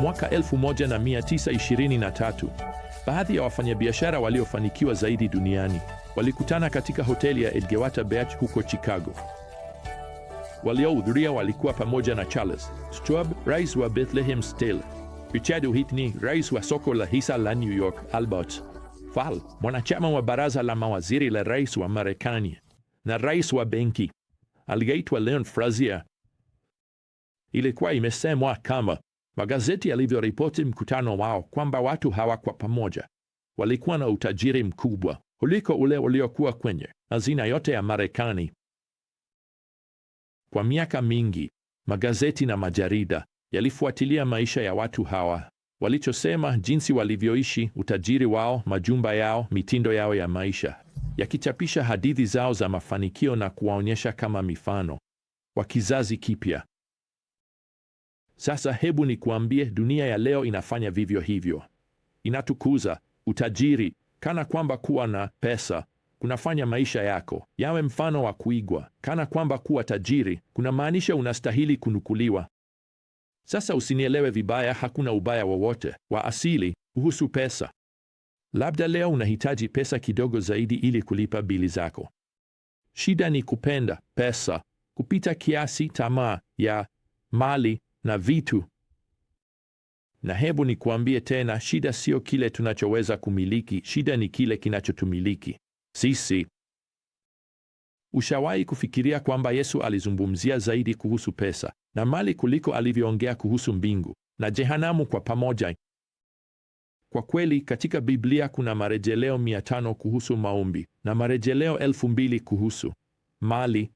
Mwaka 1923 baadhi ya wafanyabiashara waliofanikiwa zaidi duniani walikutana katika hoteli ya Edgewater Beach huko Chicago. Waliohudhuria walikuwa pamoja na Charles Schwab, rais wa Bethlehem Steel, Richard Whitney, rais wa soko la hisa la New York, Albert Fall, mwanachama wa baraza la mawaziri la rais wa Marekani na rais wa benki aliyeitwa Leon Frazier. Ilikuwa imesemwa kama Magazeti yalivyoripoti mkutano wao kwamba watu hawa kwa pamoja walikuwa na utajiri mkubwa kuliko ule uliokuwa kwenye hazina yote ya Marekani. Kwa miaka mingi, magazeti na majarida yalifuatilia maisha ya watu hawa, walichosema, jinsi walivyoishi, utajiri wao, majumba yao, mitindo yao ya maisha, yakichapisha hadithi zao za mafanikio na kuwaonyesha kama mifano wa kizazi kipya sasa hebu nikuambie, dunia ya leo inafanya vivyo hivyo. Inatukuza utajiri kana kwamba kuwa na pesa kunafanya maisha yako yawe mfano wa kuigwa, kana kwamba kuwa tajiri kunamaanisha unastahili kunukuliwa. Sasa usinielewe vibaya, hakuna ubaya wowote wa, wa asili kuhusu pesa. Labda leo unahitaji pesa kidogo zaidi ili kulipa bili zako. Shida ni kupenda pesa kupita kiasi, tamaa ya mali na vitu. Na hebu nikuambie tena, shida sio kile tunachoweza kumiliki. Shida ni kile kinachotumiliki sisi. Ushawahi kufikiria kwamba Yesu alizungumzia zaidi kuhusu pesa na mali kuliko alivyoongea kuhusu mbingu na jehanamu kwa pamoja? Kwa kweli, katika Biblia kuna marejeleo mia tano kuhusu maombi na marejeleo elfu mbili kuhusu mali.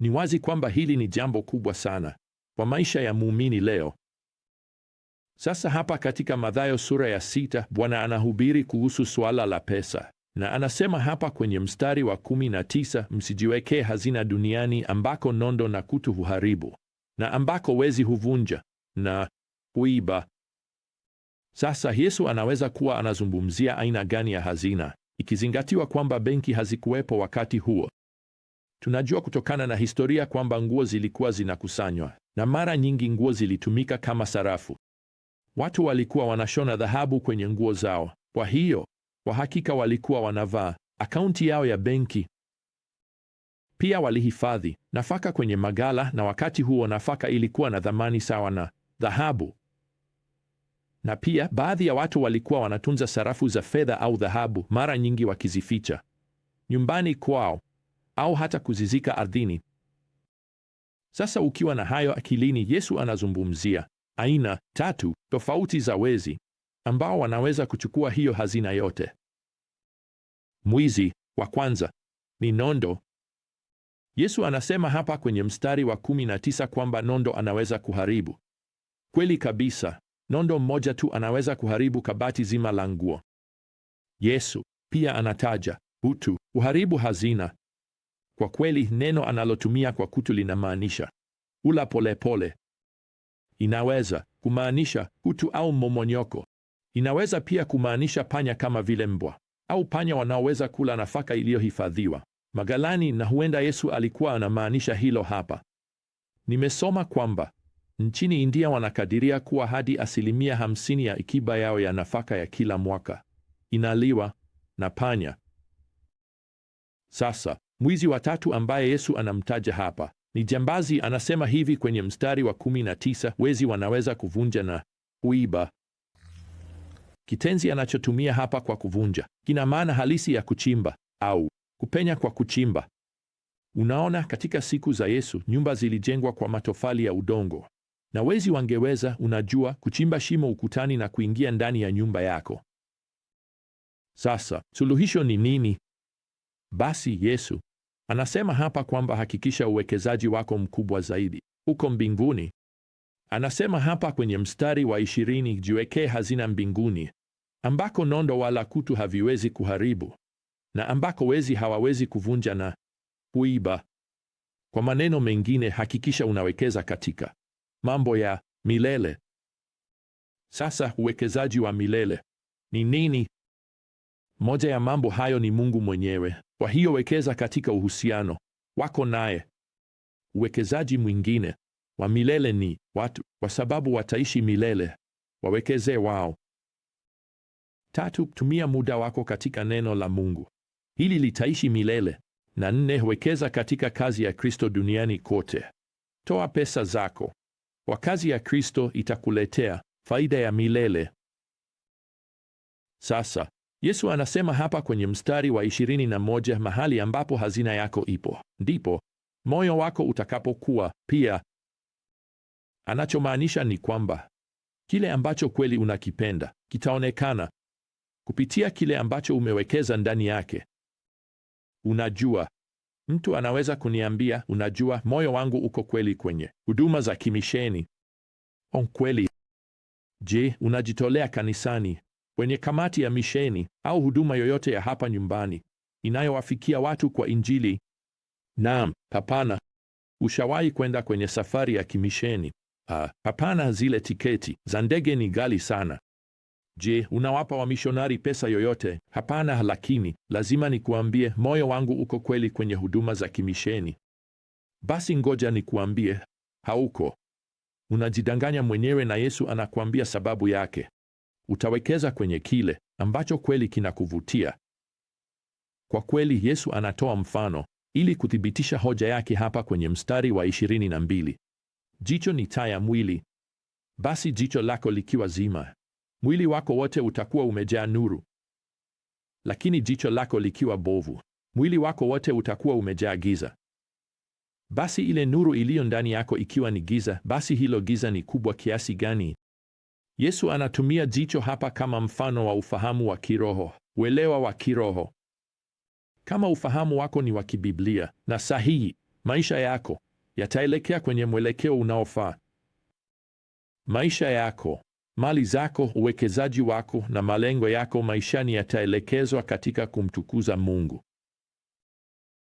Ni wazi kwamba hili ni jambo kubwa sana kwa maisha ya muumini leo. Sasa hapa katika Mathayo sura ya sita, Bwana anahubiri kuhusu suala la pesa, na anasema hapa kwenye mstari wa kumi na tisa, msijiwekee hazina duniani ambako nondo na kutu huharibu na ambako wezi huvunja na huiba Sasa Yesu anaweza kuwa anazungumzia aina gani ya hazina, ikizingatiwa kwamba benki hazikuwepo wakati huo. Tunajua kutokana na historia kwamba nguo zilikuwa zinakusanywa na mara nyingi nguo zilitumika kama sarafu. Watu walikuwa wanashona dhahabu kwenye nguo zao, kwa hiyo kwa hakika walikuwa wanavaa akaunti yao ya benki. Pia walihifadhi nafaka kwenye magala, na wakati huo nafaka ilikuwa na thamani sawa na dhahabu. Na pia baadhi ya watu walikuwa wanatunza sarafu za fedha au dhahabu, mara nyingi wakizificha nyumbani kwao au hata kuzizika ardhini. Sasa ukiwa na hayo akilini, Yesu anazungumzia aina tatu tofauti za wezi ambao wanaweza kuchukua hiyo hazina yote. Mwizi wa kwanza ni nondo. Yesu anasema hapa kwenye mstari wa 19 kwamba nondo anaweza kuharibu. Kweli kabisa, nondo mmoja tu anaweza kuharibu kabati zima la nguo. Yesu pia anataja utu, uharibu hazina kwa kweli neno analotumia kwa kutu linamaanisha ula polepole pole. Inaweza kumaanisha kutu au momonyoko. Inaweza pia kumaanisha panya kama vile mbwa au panya wanaoweza kula nafaka iliyohifadhiwa magalani, na huenda Yesu alikuwa anamaanisha hilo hapa. Nimesoma kwamba nchini India wanakadiria kuwa hadi asilimia hamsini ya akiba yao ya nafaka ya kila mwaka inaliwa na panya. Sasa Mwizi wa tatu ambaye Yesu anamtaja hapa ni jambazi. Anasema hivi kwenye mstari wa kumi na tisa, wezi wanaweza kuvunja na kuiba. Kitenzi anachotumia hapa kwa kuvunja kina maana halisi ya kuchimba au kupenya kwa kuchimba. Unaona, katika siku za Yesu nyumba zilijengwa kwa matofali ya udongo, na wezi wangeweza, unajua, kuchimba shimo ukutani na kuingia ndani ya nyumba yako. Sasa suluhisho ni nini? Basi Yesu Anasema hapa kwamba hakikisha uwekezaji wako mkubwa zaidi uko mbinguni. Anasema hapa kwenye mstari wa ishirini, jiwekee hazina mbinguni ambako nondo wala kutu haviwezi kuharibu na ambako wezi hawawezi kuvunja na kuiba. Kwa maneno mengine, hakikisha unawekeza katika mambo ya milele. Sasa uwekezaji wa milele ni nini? Moja ya mambo hayo ni Mungu mwenyewe. Kwa hiyo wekeza katika uhusiano wako naye. Uwekezaji mwingine wa milele ni watu, kwa sababu wataishi milele. Wawekeze wao. Tatu, tumia muda wako katika neno la Mungu, hili litaishi milele. Na nne, wekeza katika kazi ya Kristo duniani kote. Toa pesa zako kwa kazi ya Kristo, itakuletea faida ya milele. Sasa Yesu anasema hapa kwenye mstari wa ishirini na moja mahali ambapo hazina yako ipo ndipo moyo wako utakapokuwa pia. Anachomaanisha ni kwamba kile ambacho kweli unakipenda kitaonekana kupitia kile ambacho umewekeza ndani yake. Unajua, mtu anaweza kuniambia, unajua, moyo wangu uko kweli kwenye huduma za kimisheni on kweli. Je, unajitolea kanisani? kwenye kamati ya misheni au huduma yoyote ya hapa nyumbani inayowafikia watu kwa Injili? Naam, hapana. Ushawahi kwenda kwenye safari ya kimisheni? Ah, hapana, zile tiketi za ndege ni ghali sana. Je, unawapa wamishonari pesa yoyote? Hapana, lakini lazima nikuambie, moyo wangu uko kweli kwenye huduma za kimisheni. Basi ngoja nikuambie, hauko. Unajidanganya mwenyewe na Yesu anakuambia sababu yake. Utawekeza kwenye kile ambacho kweli kinakuvutia. Kwa kweli, Yesu anatoa mfano ili kuthibitisha hoja yake hapa kwenye mstari wa 22. Jicho ni taa ya mwili. Basi jicho lako likiwa zima, mwili wako wote utakuwa umejaa nuru. Lakini jicho lako likiwa bovu, mwili wako wote utakuwa umejaa giza. Basi ile nuru iliyo ndani yako ikiwa ni giza, basi hilo giza ni kubwa kiasi gani? Yesu anatumia jicho hapa kama mfano wa ufahamu wa kiroho, uelewa wa kiroho. Kama ufahamu wako ni wa kibiblia na sahihi, maisha yako yataelekea kwenye mwelekeo unaofaa. Maisha yako, mali zako, uwekezaji wako na malengo yako maishani yataelekezwa katika kumtukuza Mungu.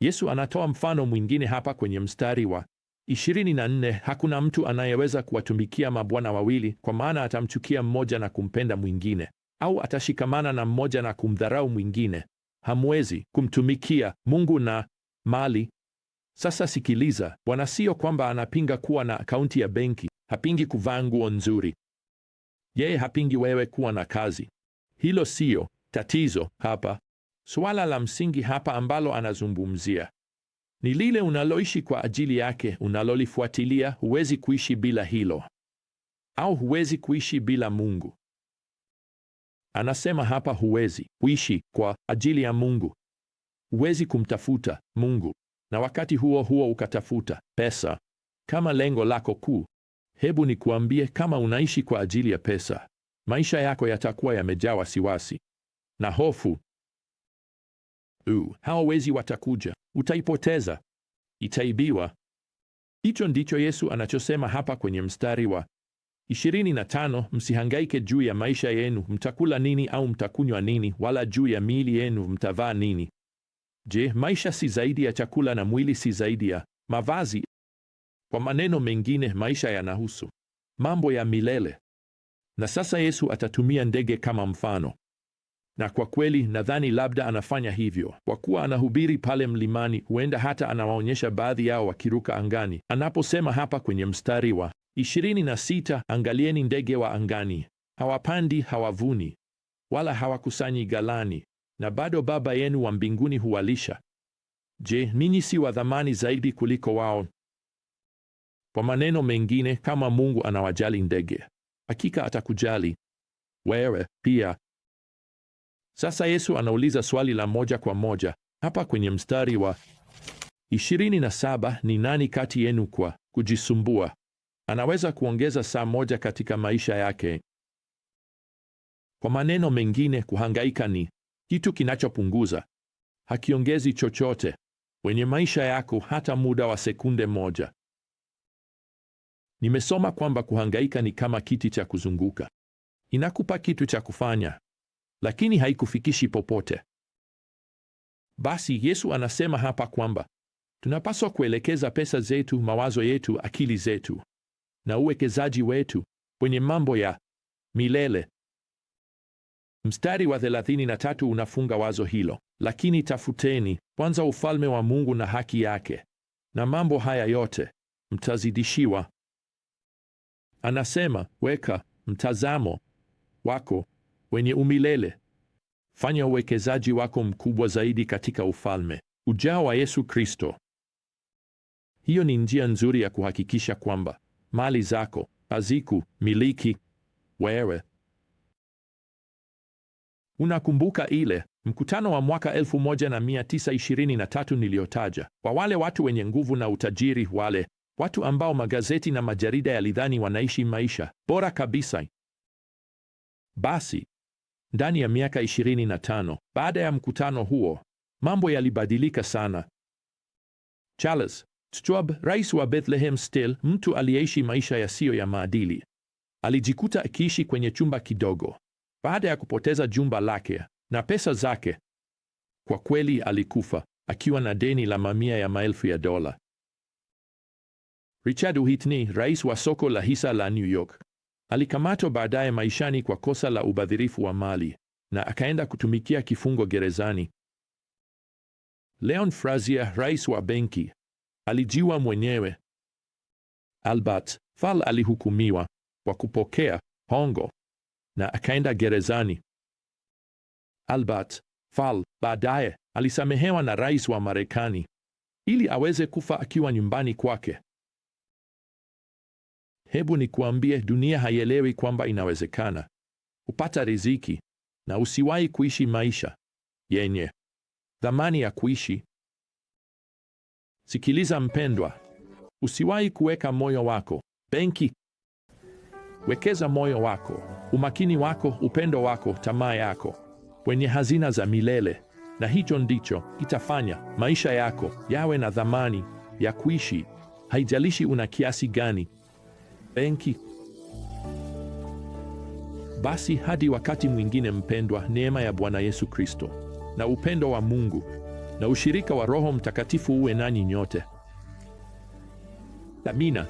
Yesu anatoa mfano mwingine hapa kwenye mstari wa 24 Hakuna mtu anayeweza kuwatumikia mabwana wawili, kwa maana atamchukia mmoja na kumpenda mwingine, au atashikamana na mmoja na kumdharau mwingine. Hamwezi kumtumikia Mungu na mali. Sasa sikiliza, Bwana siyo kwamba anapinga kuwa na akaunti ya benki, hapingi kuvaa nguo nzuri, yeye hapingi wewe kuwa na kazi. Hilo siyo tatizo hapa. Suala la msingi hapa ambalo anazungumzia ni lile unaloishi kwa ajili yake, unalolifuatilia. Huwezi kuishi bila hilo, au huwezi kuishi bila Mungu. Anasema hapa, huwezi kuishi kwa ajili ya Mungu, huwezi kumtafuta Mungu na wakati huo huo ukatafuta pesa kama lengo lako kuu. Hebu nikuambie, kama unaishi kwa ajili ya pesa, maisha yako yatakuwa yamejaa wasiwasi na hofu. Uu, hao wezi watakuja utaipoteza, itaibiwa. Hicho ndicho Yesu anachosema hapa kwenye mstari wa 25: msihangaike juu ya maisha yenu, mtakula nini au mtakunywa nini, wala juu ya miili yenu, mtavaa nini. Je, maisha si zaidi ya chakula na mwili si zaidi ya mavazi? Kwa maneno mengine, maisha yanahusu mambo ya milele. Na sasa Yesu atatumia ndege kama mfano. Na kwa kweli nadhani labda anafanya hivyo kwa kuwa anahubiri pale mlimani, huenda hata anawaonyesha baadhi yao wakiruka angani, anaposema hapa kwenye mstari wa 26, angalieni ndege wa angani, hawapandi, hawavuni, wala hawakusanyi ghalani, na bado Baba yenu wa mbinguni huwalisha. Je, ninyi si wa thamani zaidi kuliko wao? Kwa maneno mengine, kama Mungu anawajali ndege, hakika atakujali wewe pia. Sasa Yesu anauliza swali la moja kwa moja hapa kwenye mstari wa 27: ni nani kati yenu kwa kujisumbua anaweza kuongeza saa moja katika maisha yake? Kwa maneno mengine, kuhangaika ni kitu kinachopunguza, hakiongezi chochote kwenye maisha yako hata muda wa sekunde moja. Nimesoma kwamba kuhangaika ni kama kiti cha kuzunguka, inakupa kitu cha kufanya lakini haikufikishi popote. Basi Yesu anasema hapa kwamba tunapaswa kuelekeza pesa zetu, mawazo yetu, akili zetu na uwekezaji wetu kwenye mambo ya milele. Mstari wa 33 unafunga wazo hilo, lakini tafuteni kwanza ufalme wa Mungu na haki yake, na mambo haya yote mtazidishiwa. Anasema weka mtazamo wako wenye umilele. Fanya uwekezaji wako mkubwa zaidi katika ufalme ujao wa Yesu Kristo. Hiyo ni njia nzuri ya kuhakikisha kwamba mali zako haziku miliki wewe. Unakumbuka ile mkutano wa mwaka 1923 niliyotaja kwa wale watu wenye nguvu na utajiri, wale watu ambao magazeti na majarida yalidhani wanaishi maisha bora kabisa? Basi ndani ya miaka 25 baada ya mkutano huo, mambo yalibadilika sana. Charles Schwab, rais wa Bethlehem Steel, mtu aliyeishi maisha yasiyo ya maadili, alijikuta akiishi kwenye chumba kidogo baada ya kupoteza jumba lake na pesa zake. Kwa kweli, alikufa akiwa na deni la mamia ya maelfu ya dola. Richard Whitney, rais wa soko la hisa la New York, Alikamatwa baadaye maishani kwa kosa la ubadhirifu wa mali na akaenda kutumikia kifungo gerezani. Leon frazier rais wa benki, alijiwa mwenyewe. Albert Fall alihukumiwa kwa kupokea hongo na akaenda gerezani. Albert Fall baadaye alisamehewa na rais wa Marekani ili aweze kufa akiwa nyumbani kwake. Hebu nikuambie, dunia haielewi kwamba inawezekana upata riziki na usiwahi kuishi maisha yenye thamani ya kuishi. Sikiliza mpendwa, usiwahi kuweka moyo wako benki. Wekeza moyo wako, umakini wako, upendo wako, tamaa yako kwenye hazina za milele, na hicho ndicho kitafanya maisha yako yawe na thamani ya kuishi, haijalishi una kiasi gani benki. Basi hadi wakati mwingine, mpendwa, neema ya Bwana Yesu Kristo na upendo wa Mungu na ushirika wa Roho Mtakatifu uwe nanyi nyote. Amina.